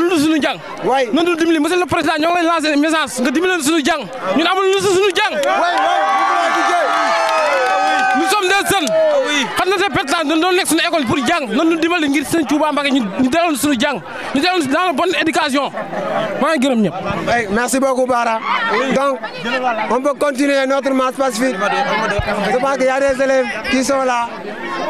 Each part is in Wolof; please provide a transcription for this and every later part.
lu dul suñu jàng waay na dul dimbali monsieur le président ñoo ngi lay lancer message nga dimbali leen suñu jàng ñun amul lu dul suñu jàng nous sommes des jeunes xam na te président dañ doon nekk suñu école pour jàng na dul dimbali ngir ñu ñu delloo suñu jàng ñu delloo dans la bonne éducation maa ngi gërëm ñëpp merci beaucoup Bara donc on peut continuer notre marche pacifique je pense a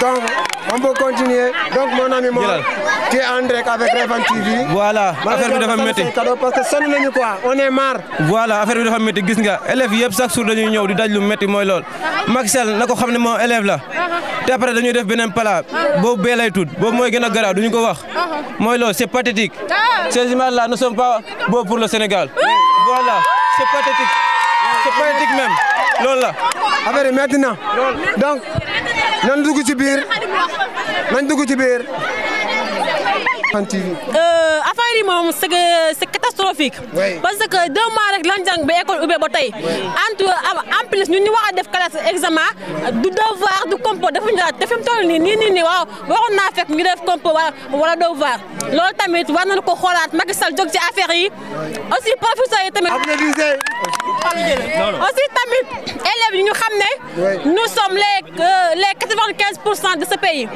Donc, on peut continuer. Donc, mon ami, moi, tu es André avec TV. Voilà, affaire parce que ça nous quoi, on est marre. voilà affaire de dafa métti gis nga élèves yep chaque jour dañuy ñëw di daj lu métti nous lool. Macky élève là. Et après dañuy def là. plat lay ko wax. c'est pathétique. ces images là ne sommes pas beaux pour le Sénégal. voilà c'est pathétique. c'est pathétique même Lola. la. affaire yi donc. nañ dugg ci biir nañ dugg ci biir. Euh, affaire yi moom c' est catastrophique. parce que deux mois rek lan jàng école ubbee ba tey. entre en plus ñun ñu war a def classe examen du devoir du compo dafa ñu daal te fi mu toll nii nii nii waaw waroon naa fekk ñu def compo wala wala devoir lool tamit war nañu ko xoolaat Macky Sall ci affaire yi aussi professeurs yi tamit. nous sommes les, 95% euh, de ce pays.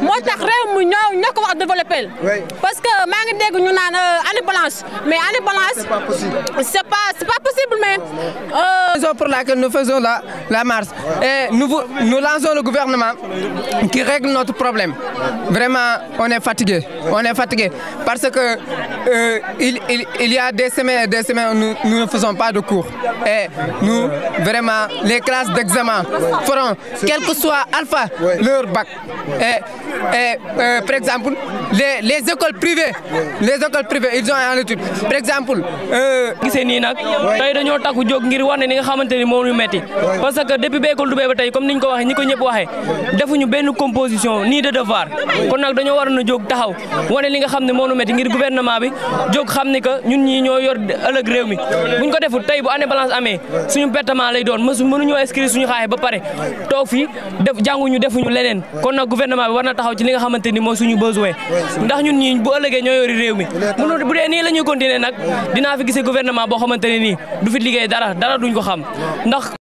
Moi, je suis nous développer. Parce que nous avons une balance. Mais en balance, c'est pas possible. pas, possible, mais. raison euh, pour laquelle nous faisons la, la marche. Et nous, nous lançons le gouvernement qui règle notre problème. Vraiment, on est fatigué. On est fatigué. Parce que euh, il, y a des semaines, des semaines, nous, nous ne faisons pas de cours. Et nous, vraiment, les classes d'examen feront, quel que soit Alpha, leur bac. Et, euh, par exemple, les, les, écoles privées, les écoles privées, ils ont un étude. Par exemple, euh, gisee nii nag tey dañoo takku jóg ngir wane ni nga xamante ni moom lu metti parce que depuis ba école Dubé ba comme niñ ko waxee ñi ko ñëpp waxee defuñu benn composition ni de devoir kon nag dañoo waroon a jóg taxaw wane li nga xam ne moom lu metti ngir gouvernement bi jóg xam ni que ñun ñii ñoo yor ëllëg réew mi buñ ko deful tey bu année balance amee suñu pertement lay doon mësu mënuñoo inscrire suñu xaaxee ba pare toog fii def jànguñu defuñu leneen kon nag gouvernement bi war na taxaw ci li nga xamante ni mooy suñu besoin ndax ñun ñi bu ëllëgee ñoo yori réew mi mënu bu dee nii la ñuy continuer nag fi gisee gouvernement boo xamante ne du fi liggéey dara dara duñ ko xam